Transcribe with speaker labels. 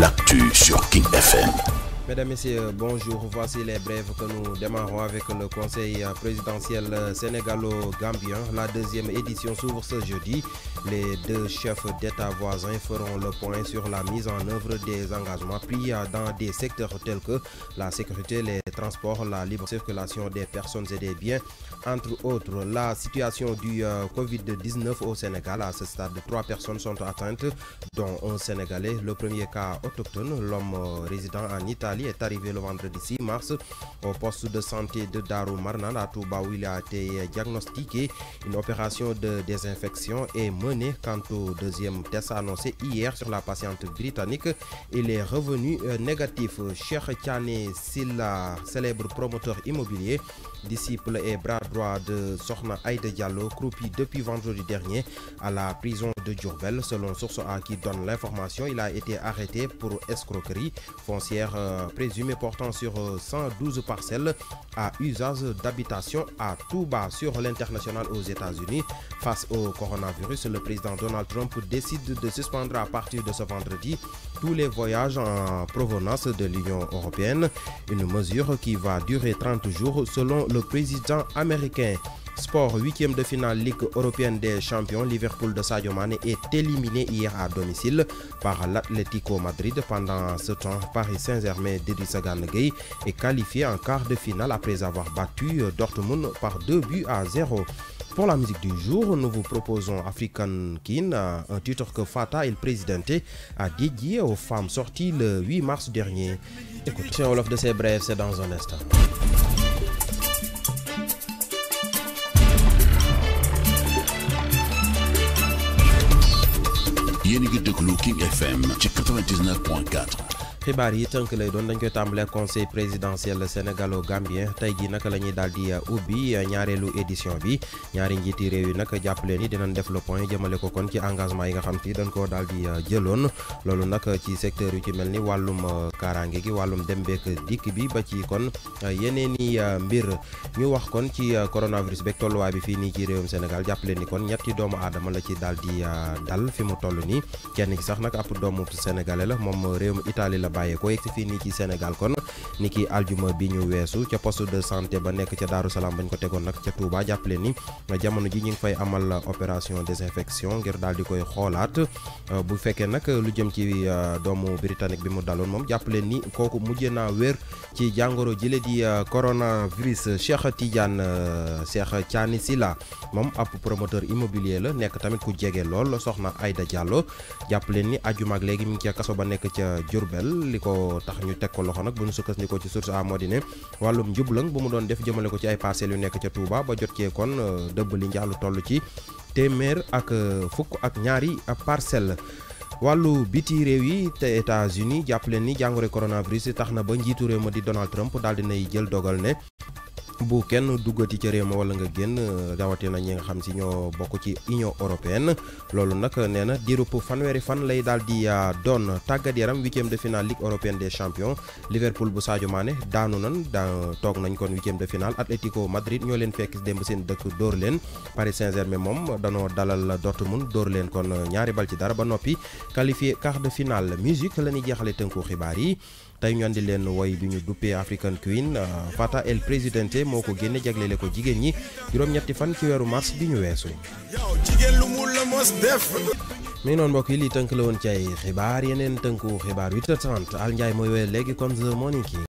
Speaker 1: l'actu sur King FM. Mesdames, Messieurs, euh, bonjour. Voici les brèves que nous démarrons avec le Conseil euh, présidentiel euh, sénégalo-gambien. La deuxième édition s'ouvre ce jeudi. Les deux chefs d'État voisins feront le point sur la mise en œuvre des engagements pris dans des secteurs tels que la sécurité, les transports, la libre circulation des personnes et des biens, entre autres. La situation du Covid-19 au Sénégal, à ce stade, trois personnes sont atteintes, dont un Sénégalais, le premier cas autochtone, l'homme résident en Italie est arrivé le vendredi 6 mars au poste de santé de Daru Marnan à Touba où il a été diagnostiqué. Une opération de désinfection est menée quant au deuxième test annoncé hier sur la patiente britannique. Il est revenu euh, négatif. Cheikh si Silla, célèbre promoteur immobilier, disciple et bras droit de Sornay Aïda Diallo, croupi depuis vendredi dernier à la prison de Djourbel. Selon source à qui donne l'information, il a été arrêté pour escroquerie foncière euh, présumé portant sur 112 euh, parcelles à usage d'habitation à tout bas sur l'international aux États-Unis. Face au coronavirus, le président Donald Trump décide de suspendre à partir de ce vendredi tous les voyages en provenance de l'Union européenne, une mesure qui va durer 30 jours selon le président américain. Sport, huitième de finale Ligue européenne des champions, Liverpool de Sadio Mane est éliminé hier à domicile par l'Atlético Madrid. Pendant ce temps, Paris Saint-Germain d'Idrissa Gay est qualifié en quart de finale après avoir battu Dortmund par 2 buts à 0. Pour la musique du jour, nous vous proposons African Kin, un titre que Fata il présidenté, a dédié aux femmes sorties le 8 mars dernier. Écoutez, Olof de ses brèves, c'est dans un instant. yéen a ngi déglu King FM ci 99.4. xibaar yi tënk lay doon dañ koy tàmbalee conseil présidentiel sénégalo gambien tey ji naka la ñuy daal di uh, ubbi uh, ñaareelu édition bi ñaari njiiti réew yi nag jàppale ni dinañ def le point jëmale ko kon ci engagement yi nga xam te dañ ko daal di uh, jëloon loolu nag ci secteur yi ci mel ni wàllum kaaraange gi wàllum dem beek dikk bi ba ci kon yeneen i mbir ñu wax kon ci coronavirus beeg tolluwaay bi fii nii ci réewum Sénégal jàppale ni kon ñetti doomu aadama la ci daal di dal fi mu toll nii kenn sax nag ab bàyyee ko yegsi fii nii ci Sénégal kon ni ki aljuma bi ñu weesu ca poste de santé ba nekk ca Daaru Salaam bañ ko tegoon nag ca Touba jàppale ni jamono ji ñu ngi fay amal opération désinfection ngir daal di koy xoolaat bu fekkee nag lu jëm ci euh, doomu britannique bi mu daloon moom jàppale ni kooku mujjee na wér ci jàngoro jile di euh, coronavirus Cheikh Tidiane euh, Cheikh Thiani Sila moom ab promoteur immobilier la nekk tamit ku jege lool soxna Aïda Diallo jàppale ni aju maag léegi mi ngi ba nekk ca Diourbel li ko tax ñu teg ko loxo nag bu ñu sukkandikoo ci source a moo di ne wàllum njublang bu mu doon def jëmale ko ci ay parcelles yu nekk ca Touba ba jot cee kon euh, dëbb li njaalu tollu ci téeméer ak euh, fukk ak ñaari parcelles. wàllu biti réew yi te États-Unis jàpp leen ni jàngoro coronavirus tax na ba njiitu réew ma di Donald Trump daal di nay jël dogal ne bu kenn duggati ca réew ma wala nga génn euh, rawatina ñi nga xam si ñoo bokk ci Union européenne loolu nag nee na diirub fanweeri fan lay daal di euh, doon tàggat yaram huitième de finale Ligue européenne de champions Liverpool bu Sadio Mané daanu nan da toog nañ kon huitième de finale Atlético Madrid ñoo leen fekk démb seen dëkk dóor leen Paris Saint-Germain moom danoo dalal Dortmund dóor leen kon ñaari bal ci dara ba noppi qualifié quart de finale musique la ñuy jeexale tënku xibaar yi. tey ñu di leen woy bi ñu duppee African Queen euh, Fata El Presidente moo ko génne jaglele ko jigéen ñi juróom-ñetti fan ci weeru mars bi ñu weesu. mi noonu mbokk yi lii tënk la woon ci xibaar yeneen tënku xibaar 8h30 Al Ndiaye mooy wéyal léegi comme the morning kii.